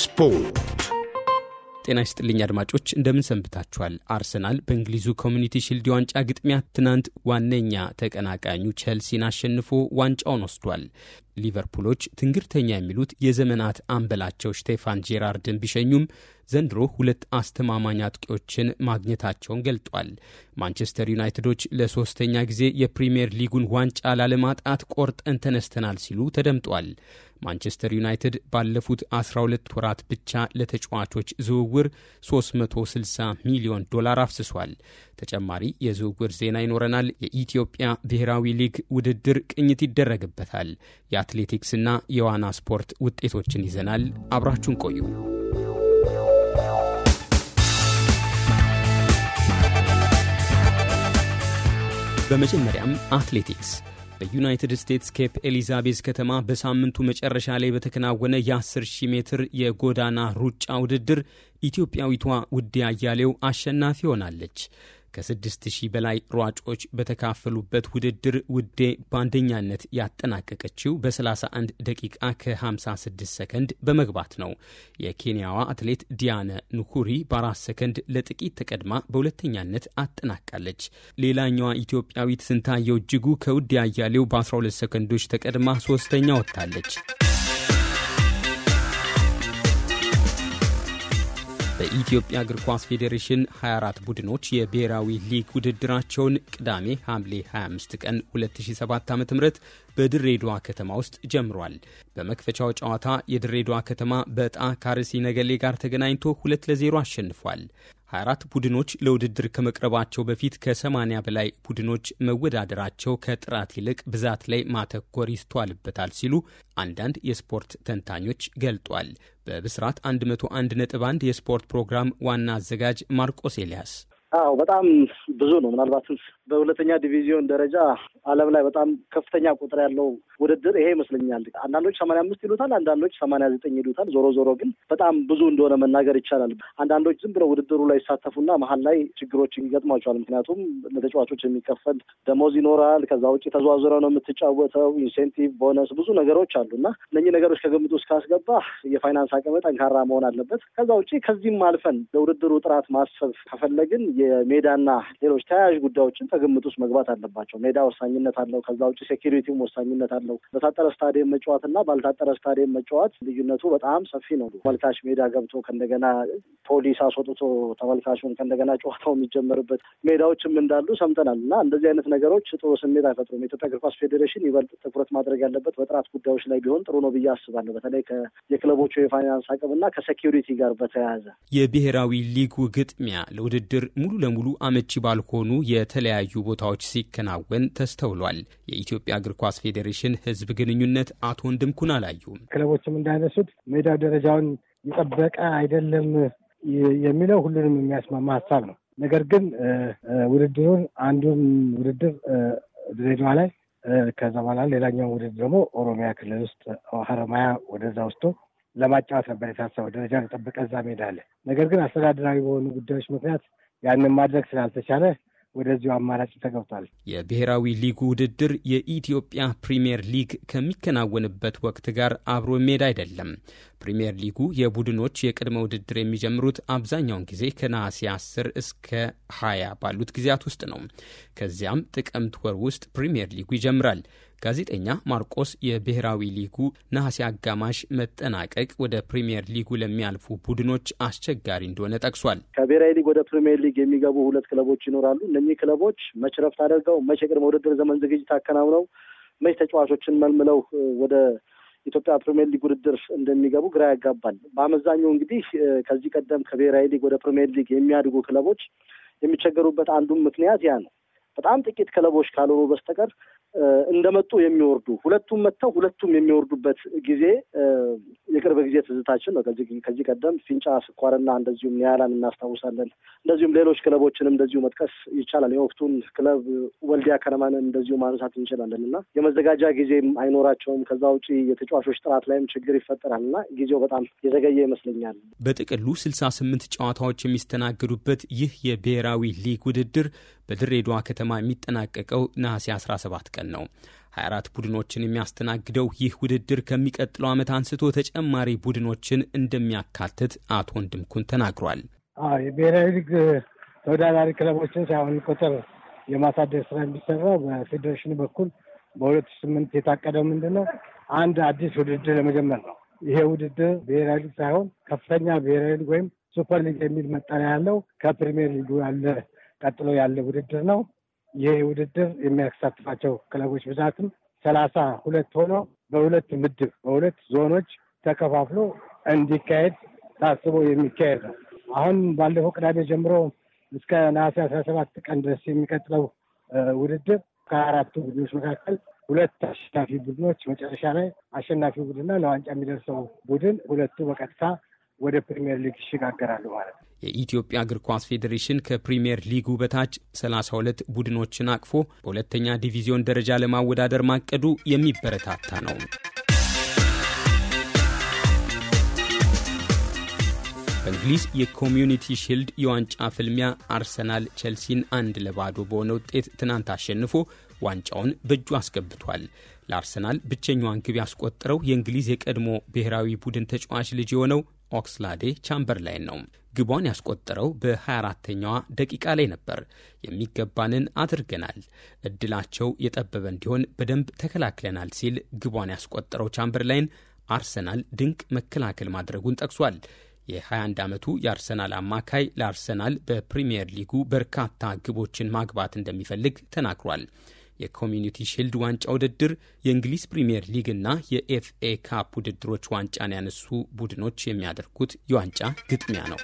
ስፖርት ጤና ይስጥልኝ አድማጮች፣ እንደምን ሰንብታችኋል? አርሰናል በእንግሊዙ ኮሚኒቲ ሽልድ ዋንጫ ግጥሚያ ትናንት ዋነኛ ተቀናቃኙ ቸልሲን አሸንፎ ዋንጫውን ወስዷል። ሊቨርፑሎች ትንግርተኛ የሚሉት የዘመናት አንበላቸው ሽቴፋን ጄራርድን ቢሸኙም ዘንድሮ ሁለት አስተማማኝ አጥቂዎችን ማግኘታቸውን ገልጧል። ማንቸስተር ዩናይትዶች ለሶስተኛ ጊዜ የፕሪምየር ሊጉን ዋንጫ ላለማጣት ቆርጠን ተነስተናል ሲሉ ተደምጧል። ማንቸስተር ዩናይትድ ባለፉት 12 ወራት ብቻ ለተጫዋቾች ዝውውር 360 ሚሊዮን ዶላር አፍስሷል። ተጨማሪ የዝውውር ዜና ይኖረናል። የኢትዮጵያ ብሔራዊ ሊግ ውድድር ቅኝት ይደረግበታል። የአትሌቲክስና የዋና ስፖርት ውጤቶችን ይዘናል። አብራችሁን ቆዩ። በመጀመሪያም አትሌቲክስ በዩናይትድ ስቴትስ ኬፕ ኤሊዛቤዝ ከተማ በሳምንቱ መጨረሻ ላይ በተከናወነ የ10 ሺህ ሜትር የጎዳና ሩጫ ውድድር ኢትዮጵያዊቷ ውዴ አያሌው አሸናፊ ሆናለች። ከስድስት ሺህ በላይ ሯጮች በተካፈሉበት ውድድር ውዴ በአንደኛነት ያጠናቀቀችው በ31 ደቂቃ ከ56 ሰከንድ በመግባት ነው። የኬንያዋ አትሌት ዲያነ ኑኩሪ በአራት ሰከንድ ለጥቂት ተቀድማ በሁለተኛነት አጠናቃለች። ሌላኛዋ ኢትዮጵያዊት ስንታየው እጅጉ ከውዴ አያሌው በ12 ሰከንዶች ተቀድማ ሶስተኛ ወጥታለች። በኢትዮጵያ እግር ኳስ ፌዴሬሽን 24 ቡድኖች የብሔራዊ ሊግ ውድድራቸውን ቅዳሜ ሐምሌ 25 ቀን 2007 ዓ ም በድሬዳዋ ከተማ ውስጥ ጀምሯል። በመክፈቻው ጨዋታ የድሬዳዋ ከተማ በጣ ካርሲ ነገሌ ጋር ተገናኝቶ 2 ለ0 አሸንፏል። 24 ቡድኖች ለውድድር ከመቅረባቸው በፊት ከ80 በላይ ቡድኖች መወዳደራቸው ከጥራት ይልቅ ብዛት ላይ ማተኮር ይስተዋልበታል ሲሉ አንዳንድ የስፖርት ተንታኞች ገልጧል። በብስራት 1 የስፖርት ፕሮግራም ዋና አዘጋጅ ማርቆስ ኤልያስ አዎ፣ በጣም ብዙ ነው። ምናልባትም በሁለተኛ ዲቪዚዮን ደረጃ ዓለም ላይ በጣም ከፍተኛ ቁጥር ያለው ውድድር ይሄ ይመስለኛል። አንዳንዶች ሰማንያ አምስት ይሉታል፣ አንዳንዶች ሰማንያ ዘጠኝ ይሉታል። ዞሮ ዞሮ ግን በጣም ብዙ እንደሆነ መናገር ይቻላል። አንዳንዶች ዝም ብለው ውድድሩ ላይ ይሳተፉና መሀል ላይ ችግሮች ይገጥሟቸዋል። ምክንያቱም ለተጫዋቾች የሚከፈል ደሞዝ ይኖራል። ከዛ ውጭ ተዘዋዝረ ነው የምትጫወተው። ኢንሴንቲቭ፣ ቦነስ፣ ብዙ ነገሮች አሉ እና እነኚህ ነገሮች ከግምት ውስጥ ካስገባ የፋይናንስ አቅም ጠንካራ መሆን አለበት። ከዛ ውጭ ከዚህም አልፈን ለውድድሩ ጥራት ማሰብ ከፈለግን የሜዳና ሌሎች ተያያዥ ጉዳዮችን ግምት ውስጥ መግባት አለባቸው። ሜዳ ወሳኝነት አለው። ከዛ ውጭ ሴኪሪቲም ወሳኝነት አለው። በታጠረ ስታዲየም መጫወት እና ባልታጠረ ስታዲየም መጫወት ልዩነቱ በጣም ሰፊ ነው። ተመልካች ሜዳ ገብቶ ከእንደገና ፖሊስ አስወጥቶ ተመልካቹን ከእንደገና ጨዋታው የሚጀመርበት ሜዳዎችም እንዳሉ ሰምተናል እና እንደዚህ አይነት ነገሮች ጥሩ ስሜት አይፈጥሩም። የኢትዮጵያ እግር ኳስ ፌዴሬሽን ይበልጥ ትኩረት ማድረግ ያለበት በጥራት ጉዳዮች ላይ ቢሆን ጥሩ ነው ብዬ አስባለሁ። በተለይ የክለቦቹ የፋይናንስ አቅምና ከሴኪሪቲ ጋር በተያያዘ የብሔራዊ ሊጉ ግጥሚያ ለውድድር ሙሉ ለሙሉ አመቺ ባልሆኑ የተለያዩ በተለያዩ ቦታዎች ሲከናወን ተስተውሏል። የኢትዮጵያ እግር ኳስ ፌዴሬሽን ህዝብ ግንኙነት አቶ ወንድምኩን አላዩም። ክለቦችም እንዳነሱት ሜዳው ደረጃውን የጠበቀ አይደለም የሚለው ሁሉንም የሚያስማማ ሀሳብ ነው። ነገር ግን ውድድሩን አንዱን ውድድር ድሬዳዋ ላይ ከዛ በኋላ ሌላኛውን ውድድር ደግሞ ኦሮሚያ ክልል ውስጥ ሀረማያ ወደዛ ውስጡ ለማጫወት ነበር የታሰበው። ደረጃ የጠበቀ እዛ ሜዳ አለ። ነገር ግን አስተዳደራዊ በሆኑ ጉዳዮች ምክንያት ያንን ማድረግ ስላልተቻለ ወደዚሁ አማራጭ ተገብቷል። የብሔራዊ ሊጉ ውድድር የኢትዮጵያ ፕሪምየር ሊግ ከሚከናወንበት ወቅት ጋር አብሮ መሄድ አይደለም። ፕሪምየር ሊጉ የቡድኖች የቅድመ ውድድር የሚጀምሩት አብዛኛውን ጊዜ ከነሐሴ 10 እስከ 20 ባሉት ጊዜያት ውስጥ ነው። ከዚያም ጥቅምት ወር ውስጥ ፕሪምየር ሊጉ ይጀምራል። ጋዜጠኛ ማርቆስ የብሔራዊ ሊጉ ነሐሴ አጋማሽ መጠናቀቅ ወደ ፕሪምየር ሊጉ ለሚያልፉ ቡድኖች አስቸጋሪ እንደሆነ ጠቅሷል። ከብሔራዊ ሊግ ወደ ፕሪምየር ሊግ የሚገቡ ሁለት ክለቦች ይኖራሉ። እነኚህ ክለቦች መች ረፍት አድርገው መች የቅድመ ውድድር ዘመን ዝግጅት አከናውነው መች ተጫዋቾችን መልምለው ወደ ኢትዮጵያ ፕሪምየር ሊግ ውድድር እንደሚገቡ ግራ ያጋባል። በአመዛኙ እንግዲህ ከዚህ ቀደም ከብሔራዊ ሊግ ወደ ፕሪምየር ሊግ የሚያድጉ ክለቦች የሚቸገሩበት አንዱም ምክንያት ያ ነው። በጣም ጥቂት ክለቦች ካልሆኑ በስተቀር እንደመጡ የሚወርዱ ሁለቱም መጥተው ሁለቱም የሚወርዱበት ጊዜ የቅርብ ጊዜ ትዝታችን ነው። ከዚህ ቀደም ፊንጫ ስኳርና እንደዚሁም ኒያላን እናስታውሳለን። እንደዚሁም ሌሎች ክለቦችንም እንደዚሁ መጥቀስ ይቻላል። የወቅቱን ክለብ ወልዲያ ከነማን እንደዚሁ ማንሳት እንችላለን እና የመዘጋጃ ጊዜም አይኖራቸውም። ከዛ ውጪ የተጫዋቾች ጥራት ላይም ችግር ይፈጠራል እና ጊዜው በጣም የዘገየ ይመስለኛል። በጥቅሉ ስልሳ ስምንት ጨዋታዎች የሚስተናገዱበት ይህ የብሔራዊ ሊግ ውድድር በድሬዳዋ ከተማ የሚጠናቀቀው ነሐሴ 17 ቀን ነው። 24 ቡድኖችን የሚያስተናግደው ይህ ውድድር ከሚቀጥለው ዓመት አንስቶ ተጨማሪ ቡድኖችን እንደሚያካትት አቶ ወንድምኩን ተናግሯል። የብሔራዊ ሊግ ተወዳዳሪ ክለቦችን ሳይሆን ቁጥር የማሳደር ስራ የሚሰራ በፌዴሬሽኑ በኩል በሁለት ሺህ ስምንት የታቀደው ምንድን ነው? አንድ አዲስ ውድድር ለመጀመር ነው። ይሄ ውድድር ብሔራዊ ሊግ ሳይሆን ከፍተኛ ብሔራዊ ሊግ ወይም ሱፐር ሊግ የሚል መጠሪያ ያለው ከፕሪሚየር ሊጉ ያለ ቀጥሎ ያለ ውድድር ነው። ይህ ውድድር የሚያሳትፋቸው ክለቦች ብዛትም ሰላሳ ሁለት ሆኖ በሁለት ምድብ በሁለት ዞኖች ተከፋፍሎ እንዲካሄድ ታስቦ የሚካሄድ ነው። አሁን ባለፈው ቅዳሜ ጀምሮ እስከ ነሐሴ አስራ ሰባት ቀን ድረስ የሚቀጥለው ውድድር ከአራቱ ቡድኖች መካከል ሁለት አሸናፊ ቡድኖች መጨረሻ ላይ አሸናፊ ቡድንና ለዋንጫ የሚደርሰው ቡድን ሁለቱ በቀጥታ ወደ ፕሪሚየር ሊግ ይሸጋገራሉ ማለት ነው። የኢትዮጵያ እግር ኳስ ፌዴሬሽን ከፕሪምየር ሊጉ በታች 32 ቡድኖችን አቅፎ በሁለተኛ ዲቪዚዮን ደረጃ ለማወዳደር ማቀዱ የሚበረታታ ነው። በእንግሊዝ የኮሚዩኒቲ ሺልድ የዋንጫ ፍልሚያ አርሰናል ቼልሲን አንድ ለባዶ በሆነ ውጤት ትናንት አሸንፎ ዋንጫውን በእጁ አስገብቷል። ለአርሰናል ብቸኛዋን ግብ ያስቆጠረው የእንግሊዝ የቀድሞ ብሔራዊ ቡድን ተጫዋች ልጅ የሆነው ኦክስላዴ ቻምበርላይን ነው። ግቧን ያስቆጠረው በ24ተኛዋ ደቂቃ ላይ ነበር። የሚገባንን አድርገናል፣ እድላቸው የጠበበ እንዲሆን በደንብ ተከላክለናል ሲል ግቧን ያስቆጠረው ቻምበርላይን አርሰናል ድንቅ መከላከል ማድረጉን ጠቅሷል። የ21 ዓመቱ የአርሰናል አማካይ ለአርሰናል በፕሪምየር ሊጉ በርካታ ግቦችን ማግባት እንደሚፈልግ ተናግሯል። የኮሚኒቲ ሺልድ ዋንጫ ውድድር የእንግሊዝ ፕሪምየር ሊግና የኤፍኤ ካፕ ውድድሮች ዋንጫን ያነሱ ቡድኖች የሚያደርጉት የዋንጫ ግጥሚያ ነው።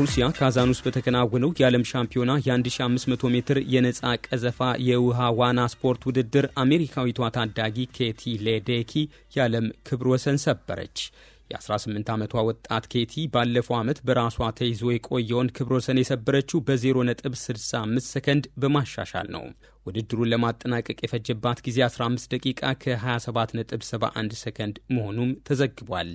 ሩሲያ ካዛን ውስጥ በተከናወነው የዓለም ሻምፒዮና የ1500 ሜትር የነፃ ቀዘፋ የውሃ ዋና ስፖርት ውድድር አሜሪካዊቷ ታዳጊ ኬቲ ሌዴኪ የዓለም ክብረ ወሰን ሰበረች። የ18 ዓመቷ ወጣት ኬቲ ባለፈው ዓመት በራሷ ተይዞ የቆየውን ክብረ ወሰን የሰበረችው በ0.65 ሰከንድ በማሻሻል ነው። ውድድሩን ለማጠናቀቅ የፈጀባት ጊዜ 15 ደቂቃ ከ27.71 ሰከንድ መሆኑም ተዘግቧል።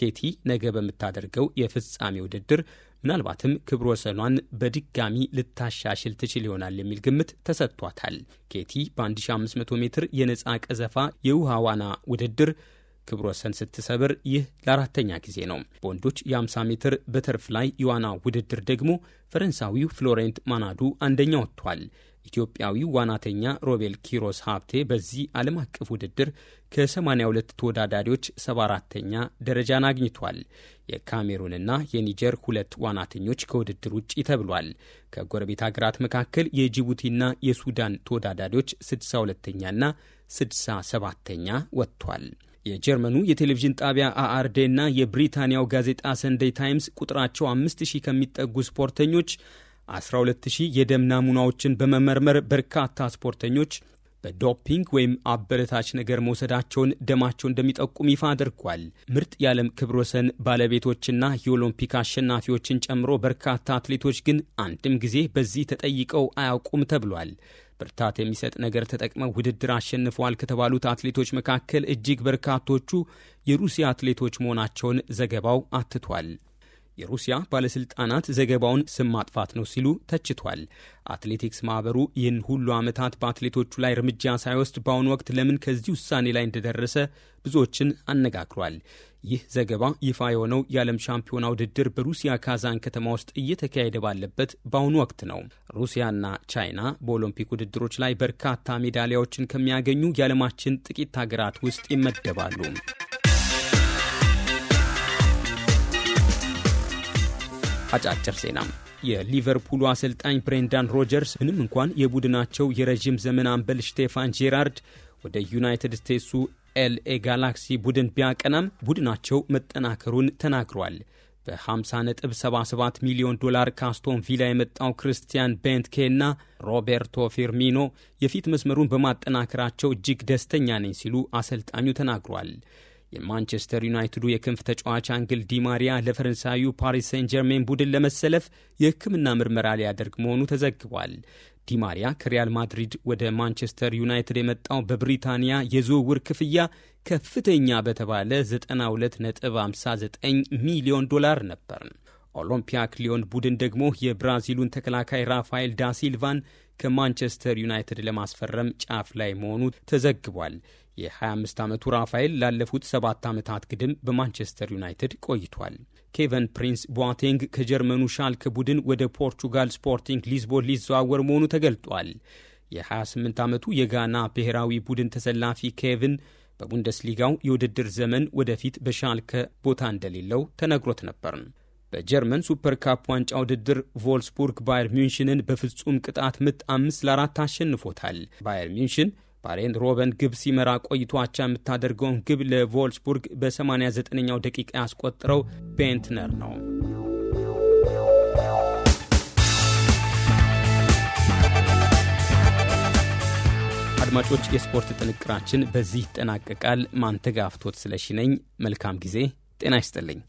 ኬቲ ነገ በምታደርገው የፍጻሜ ውድድር ምናልባትም ክብረ ወሰኗን በድጋሚ ልታሻሽል ትችል ይሆናል የሚል ግምት ተሰጥቷታል። ኬቲ በ1500 ሜትር የነፃ ቀዘፋ የውሃ ዋና ውድድር ክብረ ወሰን ስትሰብር ይህ ለአራተኛ ጊዜ ነው። በወንዶች የ50 ሜትር በተርፍ ላይ የዋና ውድድር ደግሞ ፈረንሳዊው ፍሎሬንት ማናዱ አንደኛ ወጥቷል። ኢትዮጵያዊው ዋናተኛ ሮቤል ኪሮስ ሀብቴ በዚህ ዓለም አቀፍ ውድድር ከ82 ተወዳዳሪዎች 74ተኛ ደረጃን አግኝቷል። የካሜሩንና የኒጀር ሁለት ዋናተኞች ከውድድር ውጭ ተብሏል። ከጎረቤት ሀገራት መካከል የጅቡቲና የሱዳን ተወዳዳሪዎች 62ተኛና 67ተኛ ወጥቷል። የጀርመኑ የቴሌቪዥን ጣቢያ አአርዴ እና የብሪታንያው ጋዜጣ ሰንደይ ታይምስ ቁጥራቸው አምስት ሺህ ከሚጠጉ ስፖርተኞች 12000 የደም ናሙናዎችን በመመርመር በርካታ ስፖርተኞች በዶፒንግ ወይም አበረታች ነገር መውሰዳቸውን ደማቸው እንደሚጠቁም ይፋ አድርጓል። ምርጥ የዓለም ክብረ ወሰን ባለቤቶችና የኦሎምፒክ አሸናፊዎችን ጨምሮ በርካታ አትሌቶች ግን አንድም ጊዜ በዚህ ተጠይቀው አያውቁም ተብሏል። ብርታት የሚሰጥ ነገር ተጠቅመው ውድድር አሸንፈዋል ከተባሉት አትሌቶች መካከል እጅግ በርካቶቹ የሩሲያ አትሌቶች መሆናቸውን ዘገባው አትቷል። የሩሲያ ባለስልጣናት ዘገባውን ስም ማጥፋት ነው ሲሉ ተችቷል። አትሌቲክስ ማህበሩ ይህን ሁሉ ዓመታት በአትሌቶቹ ላይ እርምጃ ሳይወስድ በአሁኑ ወቅት ለምን ከዚህ ውሳኔ ላይ እንደደረሰ ብዙዎችን አነጋግሯል። ይህ ዘገባ ይፋ የሆነው የዓለም ሻምፒዮና ውድድር በሩሲያ ካዛን ከተማ ውስጥ እየተካሄደ ባለበት በአሁኑ ወቅት ነው። ሩሲያና ቻይና በኦሎምፒክ ውድድሮች ላይ በርካታ ሜዳሊያዎችን ከሚያገኙ የዓለማችን ጥቂት ሀገራት ውስጥ ይመደባሉ። አጫጭር ዜና የሊቨርፑሉ አሰልጣኝ ብሬንዳን ሮጀርስ ምንም እንኳን የቡድናቸው የረዥም ዘመን አምበል ሽቴፋን ጄራርድ ወደ ዩናይትድ ስቴትሱ ኤልኤ ጋላክሲ ቡድን ቢያቀናም ቡድናቸው መጠናከሩን ተናግሯል። በ50.77 ሚሊዮን ዶላር ካስቶን ቪላ የመጣው ክርስቲያን ቤንትኬና ሮቤርቶ ፊርሚኖ የፊት መስመሩን በማጠናከራቸው እጅግ ደስተኛ ነኝ ሲሉ አሰልጣኙ ተናግሯል። የማንቸስተር ዩናይትዱ የክንፍ ተጫዋች አንግል ዲማሪያ ለፈረንሳዩ ፓሪስ ሴን ጀርሜን ቡድን ለመሰለፍ የሕክምና ምርመራ ሊያደርግ መሆኑ ተዘግቧል። ዲማሪያ ከሪያል ማድሪድ ወደ ማንቸስተር ዩናይትድ የመጣው በብሪታንያ የዝውውር ክፍያ ከፍተኛ በተባለ 92.59 ሚሊዮን ዶላር ነበር። ኦሎምፒያክ ሊዮን ቡድን ደግሞ የብራዚሉን ተከላካይ ራፋኤል ዳሲልቫን ከማንቸስተር ዩናይትድ ለማስፈረም ጫፍ ላይ መሆኑ ተዘግቧል። የ25 ዓመቱ ራፋኤል ላለፉት ሰባት ዓመታት ግድም በማንቸስተር ዩናይትድ ቆይቷል። ኬቨን ፕሪንስ ቧቴንግ ከጀርመኑ ሻልክ ቡድን ወደ ፖርቹጋል ስፖርቲንግ ሊዝቦን ሊዘዋወር መሆኑ ተገልጧል። የ28 ዓመቱ የጋና ብሔራዊ ቡድን ተሰላፊ ኬቪን በቡንደስሊጋው የውድድር ዘመን ወደፊት በሻልከ ቦታ እንደሌለው ተነግሮት ነበር። በጀርመን ሱፐር ካፕ ዋንጫ ውድድር ቮልስቡርግ ባየር ሚንሽንን በፍጹም ቅጣት ምት አምስት ለአራት አሸንፎታል። ባየር ሚንሽን ባሬን ሮበን ግብ ሲመራ ቆይቶ አቻ የምታደርገውን ግብ ለቮልስቡርግ በ89ኛው ደቂቃ ያስቆጠረው ቤንትነር ነው። አድማጮች፣ የስፖርት ጥንቅራችን በዚህ ይጠናቀቃል። ማንተጋፍቶት ስለሺ ነኝ። መልካም ጊዜ። ጤና ይስጥልኝ።